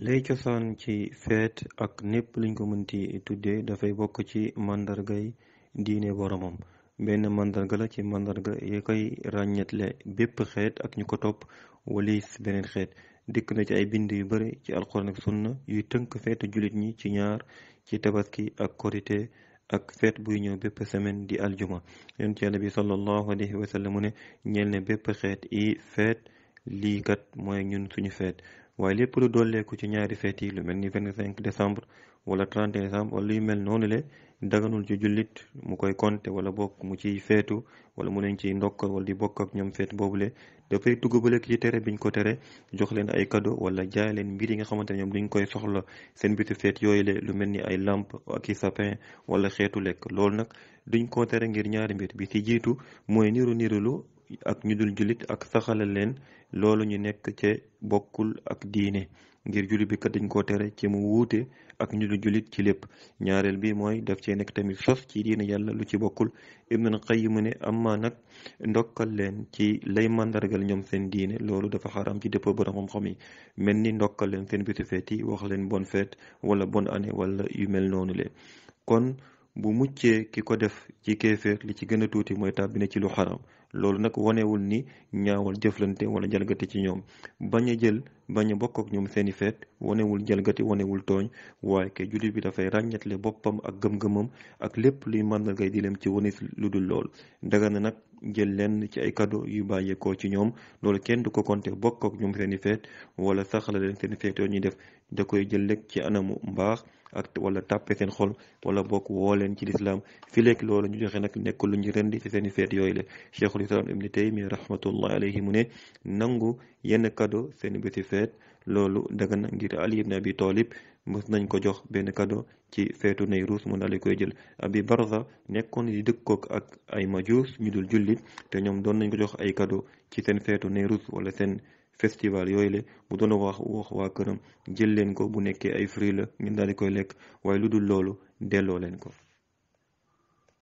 lay cosaan ci feet ak népp luñ ko mënti tuddee dafay bokk ci màndargay diine boromam benn màndarga la ci màndarga yi koy ràññetle bépp xeet ak ñu ko topp walis beneen xeet dikk na ci ay bind yu bari ci alxuraan ak sunna yuy tënk feetu jullit ñi ci ñaar ci tabaski ak korite ak feet buy ñëw bépp semaine di aljuma yonent yàlla bi sallallahu alayhi wa sallam ne ñeel ne bépp xeet i feet lii kat mooy ñun suñu feet waaye lépp lu dolleeku ci ñaari feet yi lu mel ni cinq décembre wala 30 décembre wala yu mel noonu le daganul ci jullit mu koy compter wala bokk mu ciy feetu wala mu leen ciy ndokkal wala di bokk ak ñoom feet boobule dafay dugg ba léegi ci tere biñ ko tere jox leen ay cadeau wala jaay leen mbir yi nga xamante ne ñoom duñ koy soxla seen bitu feet yooyu le lu mel ni ay lamp ak i sapin wala xeetu lekk loolu nag duñ ko tere ngir ñaari mbir bi ci jiitu mooy niru nirulu ak ñu dul julit ak saxalal leen loolu ñu nekk ca bokkul ak diine ngir jullit bi kat dañ koo tere ci mu wuute ak ñu dul jullit ci lépp ñaareel bi mooy daf cee nekk tamit sos ci diine yàlla lu ci bokkul ibnul qayyim ne amma nag ndokkal leen ci lay màndargal ñoom seen diine loolu dafa xaram ci dëpp borom xam xom yi mel ni ndokkal leen seen bisu feet yi wax leen bon fête wala bonne année wala yu mel noonu le kon bu muccee ki ko def ci kéeféer li ci gën a tuuti mooy tàbbi na ci lu xaram loolu nag wanewul ni ñaawal jëflante wala jalgati ci ñoom bañ a jël bañ a bokk ak ñoom seeni feet wanewul jalgati wanewul tooñ waaye ke jullit bi dafay ràññetle boppam ak gëm-gëmam ak lépp luy màndargay di lem ci wanis lu dul lool daga ne nag jël lenn ci ay kado yu bàyyeekoo ci ñoom loolu kenn du ko konte bokk ak ñoom seeni feet wala saxala leen seeni feet yoo ñuy def da koy jël lekk ci anamu mbaax ak wala tàppe seen xol wala bokk woo leen ci lislaam fi lekk loolu ñu joxe nag nekk lu ñu rendi ci seeni feet yooyu la cheikhul islam ibni taymiya rahmatullahi alayhi mu ne nangu yenn kado seen bési feet loolu daga na ngir ali ibn abi taalib mës nañ ko jox benn kado ci feetu Nayruus mu daal di koy jël abi barza nekkoon di dëkkook ak ay majuus ñu dul jullit te ñoom doon nañ ko jox ay kado ci seen feetu Nayruus wala seen festival yooyu le mu doon wax wax waa këram jël leen ko bu nekkee ay fruits la ngeen daal di koy lekk waaye lu dul loolu delloo leen ko